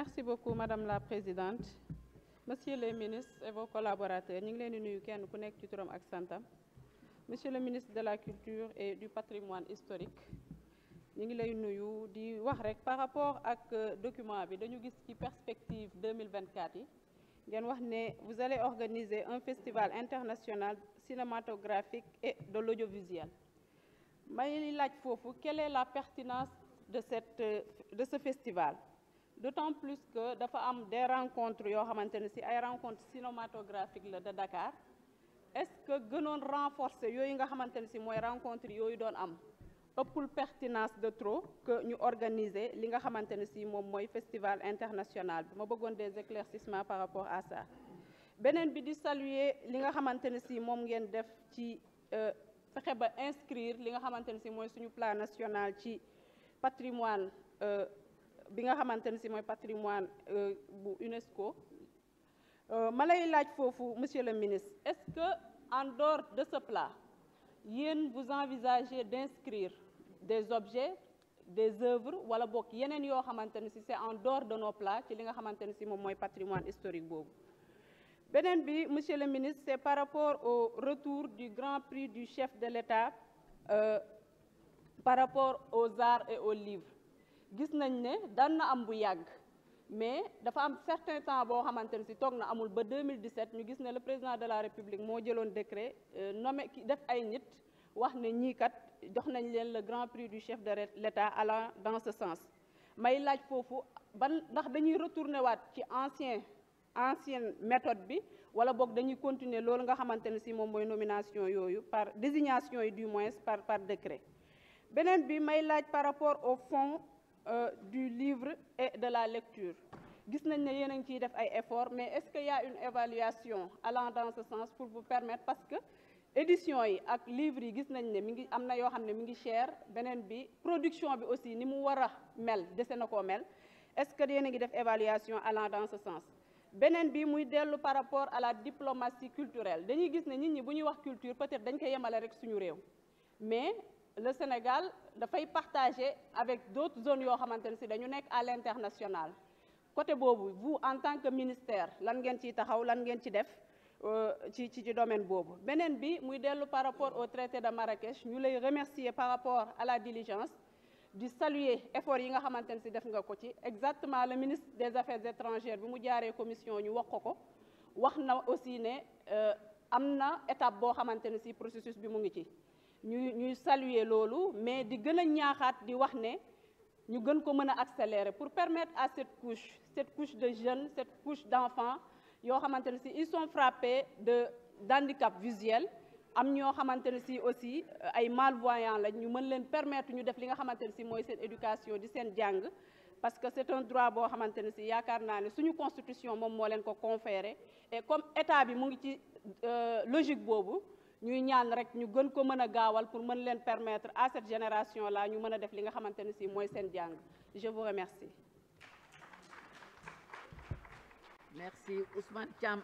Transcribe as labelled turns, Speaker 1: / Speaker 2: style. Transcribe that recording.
Speaker 1: merci beaucoup madame la présidente monsieur le ministre et vos collaborateurs nous sommes nuyu kenn ku monsieur le ministre de la culture et du patrimoine historique nous nuyu di par rapport ce euh, document de dañu perspective 2024 vous allez organiser un festival international cinématographique et de l'audiovisuel quelle est la pertinence de euh, ce festival d'autant plus que dafa am des rencontres yo, xamante si rencontres cinématographiques de Dakar est-ce que nous renforcer renforcé nga rencontres ne nous mooy rencontres yooyu doon pertinence de trop que nous organisons li nga festival international Je ma des éclaircissements par rapport à ça Je bi saluer li nga xamante ne si moom ngeen euh, inscrire li nga plan national du patrimoine euh, bi nga xamante patrimoine euh, bu UNESCO Euh, monsieur le ministre est-ce que en dehors de ce plat vous envisagez d'inscrire des objets des œuvres wala alors yeneen en a c'est en dehors de nos plats qui li nga patrimoine historique boobu monsieur le ministre c'est par rapport au retour du grand prix du chef de l'État euh, par rapport aux arts et aux livres gis nañ ne daan na am bu yagg mais dafa am certain temps bo xamante si na amul ba 2017 ñu gis ne le président de la république mo jëlone décret euh, nommé def ay nit wax ne ñi kat jox nañ leen le grand prix du chef de l'État allant dans ce sens may laaj foofu ban ndax dañuy retourner waat ci ancien ancienne méthode bi wala bok dañuy continuer loolu nga xamante ne si moom nomination yoyu par désignation yi du moins par par décret benen bi may laaj par rapport au fond euh, du livre et de la lecture gis nañ ne ciy def efforts mais est-ce qu'il y a une évaluation allant dans ce sens pour vous permettre parce que édition et ak livre yi gis y a mi ngi am mi ngi cher beneen bi production bi aussi ni mu war a mel dese na est-ce qu'il y a une évaluation allant dans ce sens benen bi muy par rapport à la diplomatie culturelle dañuy gis ne nit ñi bu wax culture peut-être dañ ko yemale rek suñu réew mais le Sénégal fait partager avec d'autres zones à l'international côté vous en tant que ministère vous avez fait domaine par rapport au traité de Marrakech nous remercier par rapport à la diligence de saluer l'effort que vous avez exactement le ministre des affaires étrangères vous commission ñu wax ko euh, processus ñuy ñuy saluer loolu mais di gën a di wax nous ñu gën ko accélérer pour permettre à cette couche cette couche de jeunes cette couche d'enfants yoo xamante si ils sont frappés de d'handicap visuel am ñoo xamante si aussi euh, ay malvoyants Nous ñu leen permettre ñu def li nga xamante ne si éducation di seen jàng parce que c'est un droit boo xamante ne si yaakaar naa ne suñu constitution moom moo leen ko conférer et comme état bi mu ngi ci euh, logique ñuy ñaan rek ñu gën ko mëna gawal pour mën leen permettre à cette génération là ñu mëna def li nga xamante ci moy sen jang je vous remercie merci Ousmane Thiam